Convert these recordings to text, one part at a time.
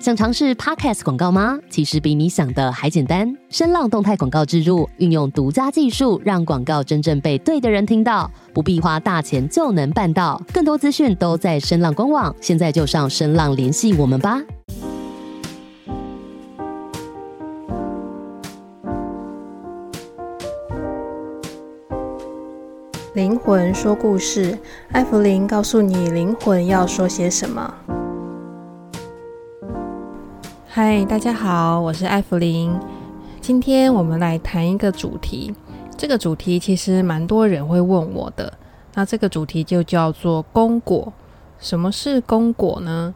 想嘗試 Podcast 廣告嗎？其實比你想的還簡單。聲浪動態廣告植入，運用獨家技術，讓廣告真正被對的人聽到，不必花大錢就能辦到。更多資訊都在聲浪官網，現在就上聲浪聯繫我們吧。靈魂說故事，艾芙靈告訴你靈魂要說些什麼。嗨，Hi, 大家好，我是艾芙靈。今天我們來談一個主題，這個主題其實蠻多人會問我的。那這個主題就叫做功果。什麼是功果呢？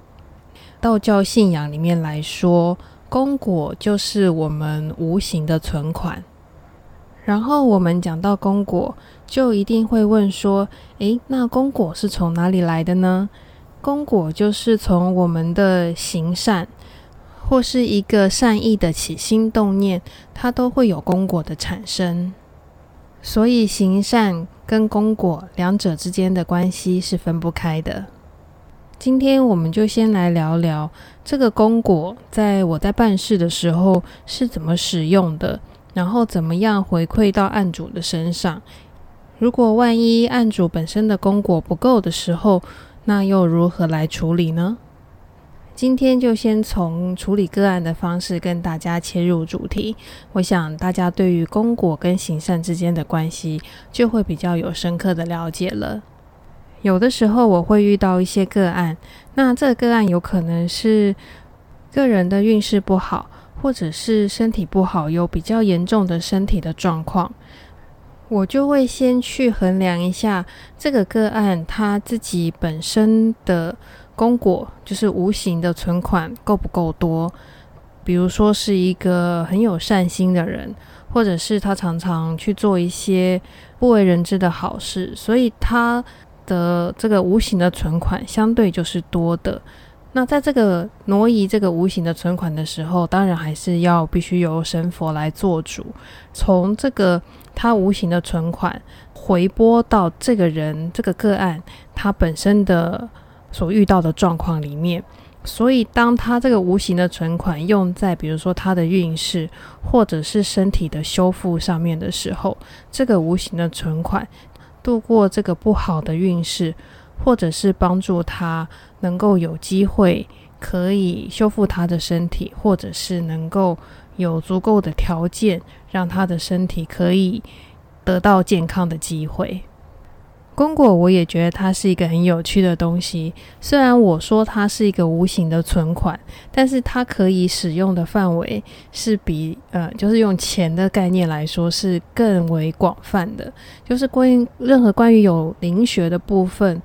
道教信仰裡面來說，功果就是我們無形的存款。然後我們講到功果，就一定會問說：誒，那功果是從哪裡來的呢？功果就是從我們的行善。或是一個善意的起心動念，它都會有功果的產生。所以行善跟功果兩者之間的關係是分不開的。今天我們就先來聊聊這個功果在我在辦事的時候是怎麼使用的，然後怎麼樣回饋到案主的身上。如果萬一案主本身的功果不夠的時候，那又如何來處理呢？今天就先從處理個案的方式跟大家切入主題，我想大家對於功果跟行善之間的關係就會比較有深刻的了解了。有的時候我會遇到一些個案，那這個個案有可能是個人的運勢不好，或者是身體不好，有比較嚴重的身體的狀況，我就會先去衡量一下這個個案它自己本身的。功果就是無形的存款夠不夠多？比如說是一個很有善心的人，或者是他常常去做一些不為人知的好事，所以他的這個無形的存款相對就是多的。那在這個挪移這個無形的存款的時候，當然還是要必須由神佛來做主，從這個他無形的存款回撥到這個人，這個個案，他本身的。所遇到的狀況裡面，所以當他這個無形的存款用在，比如說他的運勢或者是身體的修復上面的時候，這個無形的存款度過這個不好的運勢，或者是幫助他能夠有機會可以修復他的身體，或者是能夠有足夠的條件讓他的身體可以得到健康的機會。功果我也覺得它是一個很有趣的東西，雖然我說它是一個無形的存款，但是它可以使用的範圍是比呃，就是用錢的概念來說是更為廣泛的，就是關於任何關於有靈學的部分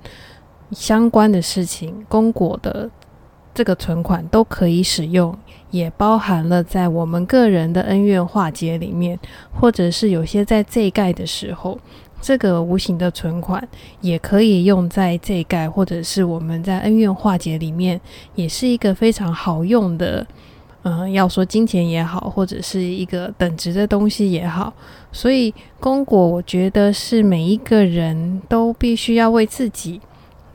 相關的事情，功果的這個存款都可以使用，也包含了在我們個人的恩怨化解裡面，或者是有些在這一蓋的時候。這個無形的存款也可以用在這一蓋，或者是我們在恩怨化解裡面，也是一個非常好用的。嗯，要說金錢也好，或者是一個等值的東西也好，所以功果，我覺得是每一個人都必須要為自己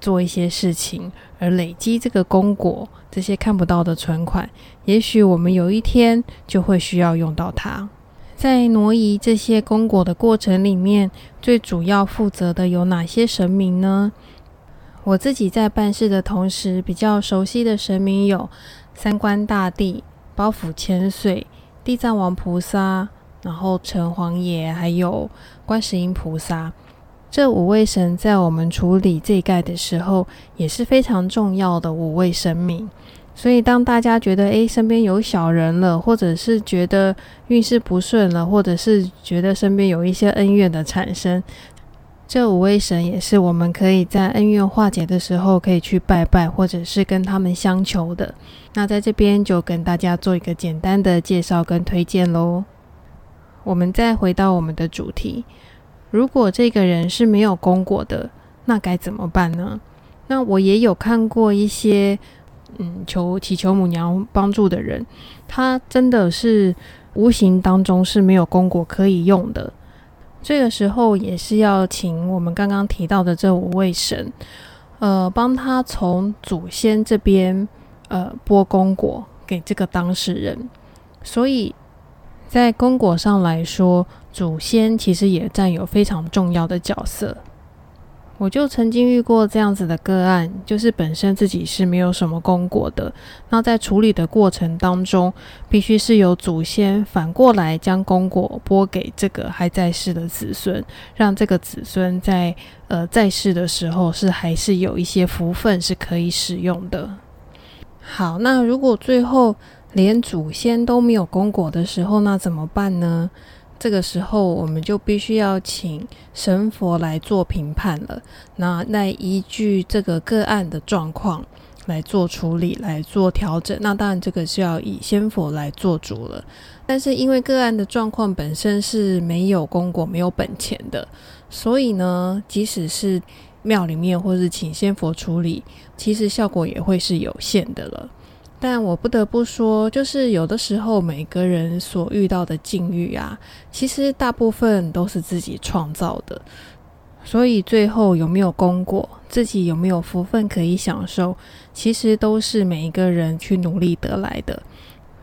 做一些事情，而累積這個功果，這些看不到的存款，也許我們有一天就會需要用到它。在挪移這些功果的過程裡面，最主要負責的有哪些神明呢？我自己在辦事的同時，比較熟悉的神明有三官大帝、包府千歲、地藏王菩薩，然後城隍爺，還有觀世音菩薩。這五位神在我們處理這一蓋的時候，也是非常重要的五位神明。所以，當大家覺得誒，身邊有小人了，或者是覺得運勢不順了，或者是覺得身邊有一些恩怨的產生，這五位神也是我們可以在恩怨化解的時候可以去拜拜，或者是跟他們相求的。那在這邊就跟大家做一個簡單的介紹跟推薦嘍。我們再回到我們的主題，如果這個人是沒有功果的，那該怎麼辦呢？那我也有看過一些。嗯，求，祈求母娘幫助的人，他真的是無形當中是沒有功果可以用的。這個時候也是要請我們剛剛提到的這五位神，呃，幫他從祖先這邊呃撥功果給這個當事人。所以在功果上來說，祖先其實也佔有非常重要的角色。我就曾經遇過這樣子的個案，就是本身自己是沒有什麼功果的，那在處理的過程當中，必須是由祖先反過來將功果撥給這個還在世的子孫，讓這個子孫在呃在世的時候是還是有一些福分是可以使用的。好，那如果最後連祖先都沒有功果的時候，那怎麼辦呢？這個時候，我們就必須要請神佛來做評判了。那那依據這個個案的狀況來做處理、來做調整。那當然，這個是要以仙佛來做主了。但是，因為個案的狀況本身是沒有功果、沒有本錢的，所以呢，即使是廟裡面或是請仙佛處理，其實效果也會是有限的了。但我不得不說，就是有的時候，每個人所遇到的境遇啊，其實大部分都是自己創造的。所以最後有沒有功果，自己有沒有福分可以享受，其實都是每一個人去努力得來的。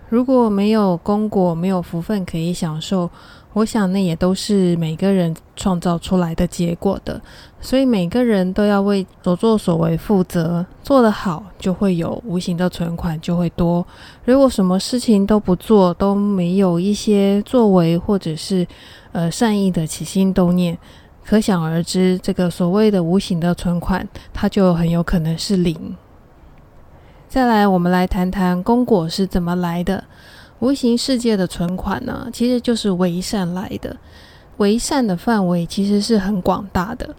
如果沒有功果，沒有福分可以享受，我想，那也都是每個人創造出來的結果的，所以每個人都要為所作所為負責。做得好，就會有無形的存款，就會多。如果什麼事情都不做，都沒有一些作為，或者是呃善意的起心動念，可想而知，這個所謂的無形的存款，它就很有可能是零。再來，我們來談談功果是怎麼來的。無形世界的存款呢、啊，其實就是為善來的。為善的範圍其實是很廣大的，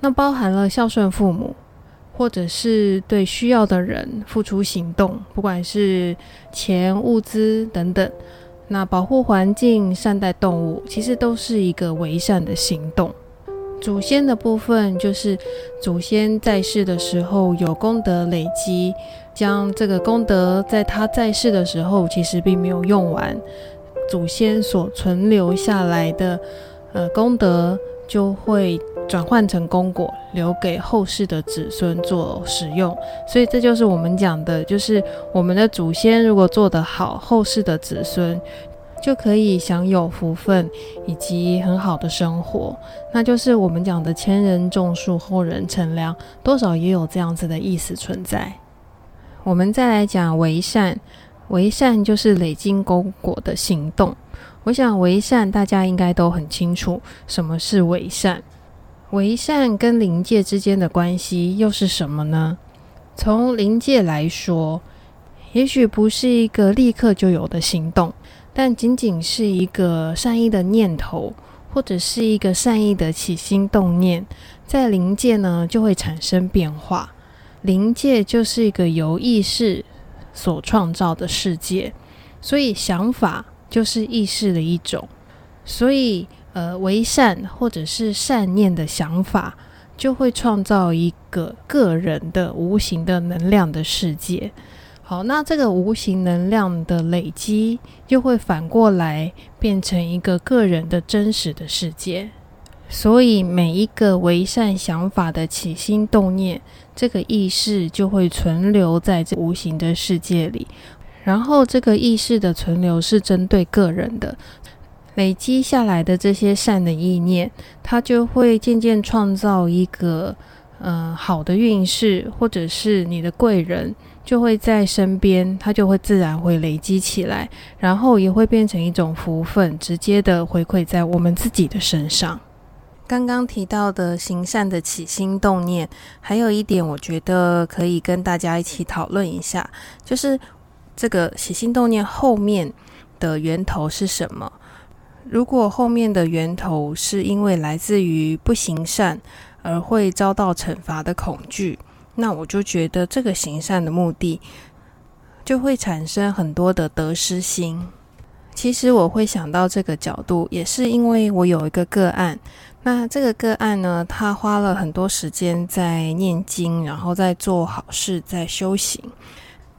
那包含了孝順父母，或者是對需要的人付出行動，不管是錢、物資等等。那保護環境、善待動物，其實都是一個為善的行動。祖先的部分就是，祖先在世的時候有功德累積，將這個功德在他在世的時候其實並沒有用完，祖先所存留下來的，呃，功德就會轉換成功果，留給後世的子孫做使用。所以這就是我們講的，就是我們的祖先如果做得好，後世的子孫，就可以享有福分以及很好的生活，那就是我們講的“前人種樹，後人乘涼”，多少也有這樣子的意思存在。我們再來講為善，為善就是累積功果的行動。我想，為善大家應該都很清楚什麼是為善，為善跟靈界之間的關係又是什麼呢？從靈界來說，也許不是一個立刻就有的行動。但僅僅是一個善意的念頭，或者是一個善意的起心動念，在靈界呢，就會產生變化。靈界就是一個由意識所創造的世界，所以想法就是意識的一種。所以，呃，為善或者是善念的想法，就會創造一個個人的無形的能量的世界。好，那這個無形能量的累積，就會反過來變成一個個人的真實的世界。所以，每一個為善想法的起心動念，這個意識就會存留在這無形的世界裡。然後，這個意識的存留是針對個人的，累積下來的這些善的意念，它就會漸漸創造一個。呃，好的運勢或者是你的貴人就會在身邊，它就會自然會累積起來，然後也會變成一種福分，直接的回饋在我們自己的身上。剛剛提到的行善的起心動念，還有一點，我覺得可以跟大家一起討論一下，就是這個起心動念後面的源頭是什麼？如果後面的源頭是因為來自於不行善而會遭到懲罰的恐懼，那我就覺得這個行善的目的就會產生很多的得失心。其實我會想到這個角度，也是因為我有一個個案。那這個個案呢，他花了很多時間在念經，然後在做好事，在修行。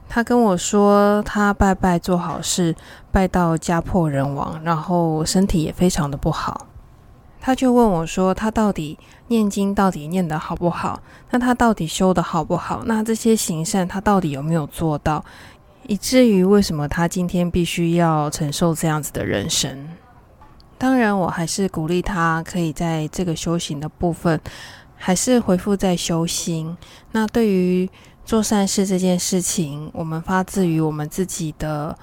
他跟我說，他拜拜做好事，拜到家破人亡，然後身體也非常的不好。他就問我說，他到底念經到底念得好不好？那他到底修得好不好？那這些行善他到底有沒有做到？以至於為什麼他今天必須要承受這樣子的人生？當然，我還是鼓勵他可以在這個修行的部分，還是回復在修心。那對於。做善事這件事情，我們發自於我們自己的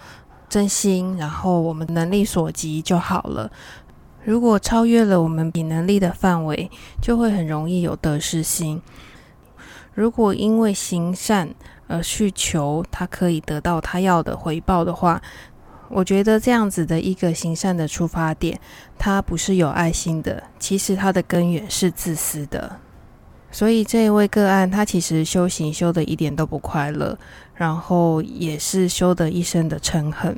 真心，然後我們能力所及就好了。如果超越了我們比能力的範圍，就會很容易有得失心。如果因為行善而去求，他可以得到他要的回報的話，我覺得這樣子的一個行善的出發點，它不是有愛心的，其實它的根源是自私的。所以這一位個案，他其實修行修得一點都不快樂，然後也是修得一身的嗔恨，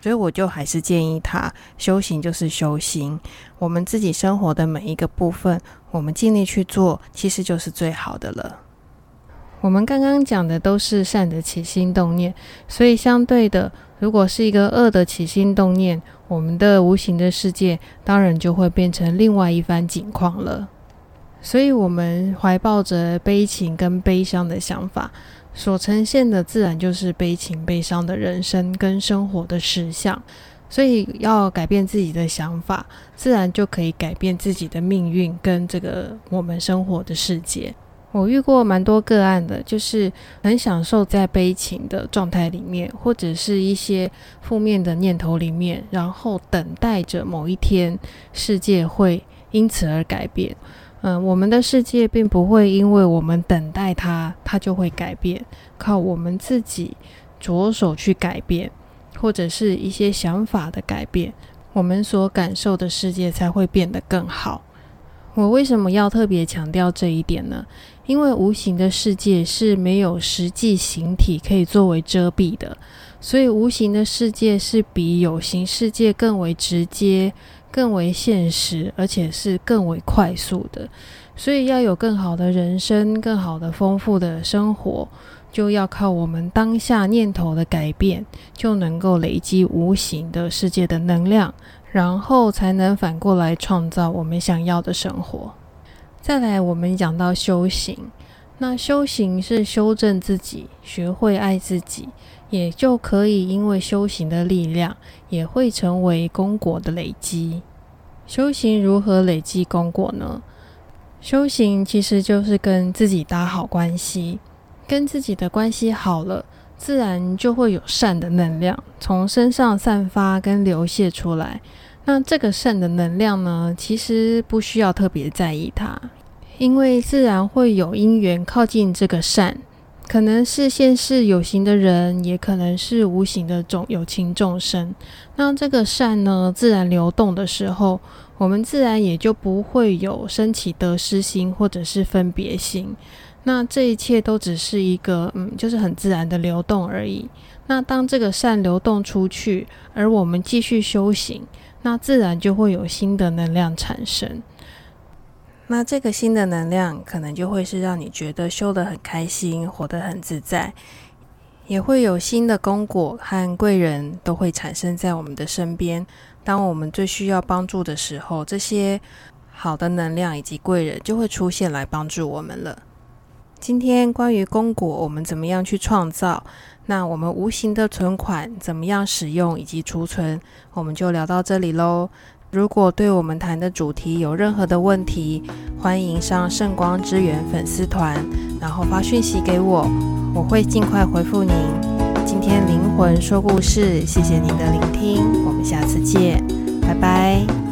所以我就還是建議他，修行就是修行，我們自己生活的每一個部分，我們盡力去做，其實就是最好的了。我們剛剛講的都是善的起心動念，所以相對的，如果是一個惡的起心動念，我們的無形的世界當然就會變成另外一番景況了。所以，我們懷抱着悲情跟悲傷的想法，所呈現的自然就是悲情、悲傷的人生跟生活的實相。所以，要改變自己的想法，自然就可以改變自己的命運跟這個我們生活的世界。我遇過蠻多個案的，就是很享受在悲情的狀態裡面，或者是一些負面的念頭裡面，然後等待着某一天，世界會因此而改變。嗯，我們的世界並不會因為我們等待它，它就會改變。靠我們自己着手去改變，或者是一些想法的改變，我們所感受的世界才會變得更好。我為什麼要特別強調這一點呢？因為無形的世界是沒有實際形體可以作為遮蔽的，所以無形的世界是比有形世界更為直接，更為現實，而且是更為快速的，所以要有更好的人生、更好的豐富的生活，就要靠我們當下念頭的改變，就能夠累積無形的世界的能量，然後才能反過來創造我們想要的生活。再來，我們講到修行。那修行是修正自己，學會愛自己，也就可以因為修行的力量，也會成為功果的累積。修行如何累積功果呢？修行其實就是跟自己打好關係，跟自己的關係好了，自然就會有善的能量從身上散發跟流瀉出來。那這個善的能量呢，其實不需要特別在意它。因為自然會有因緣靠近這個善，可能是現世有形的人，也可能是無形的種，有情眾生。那這個善呢，自然流動的時候，我們自然也就不會有生起得失心或者是分別心。那這一切都只是一個，嗯，就是很自然的流動而已。那當這個善流動出去，而我們繼續修行，那自然就會有新的能量產生。那這個新的能量可能就會是讓你覺得修得很開心，活得很自在，也會有新的功果和貴人都會產生在我們的身邊。當我們最需要幫助的時候，這些好的能量以及貴人就會出現來幫助我們了。今天關於功果，我們怎麼樣去創造？那我們無形的存款怎麼樣使用以及儲存？我們就聊到這裡嘍。如果對我們談的主題有任何的問題，歡迎上聖光之源粉絲團，然後發訊息給我，我會盡快回復您。今天靈魂說故事，謝謝您的聆聽，我們下次見，拜拜。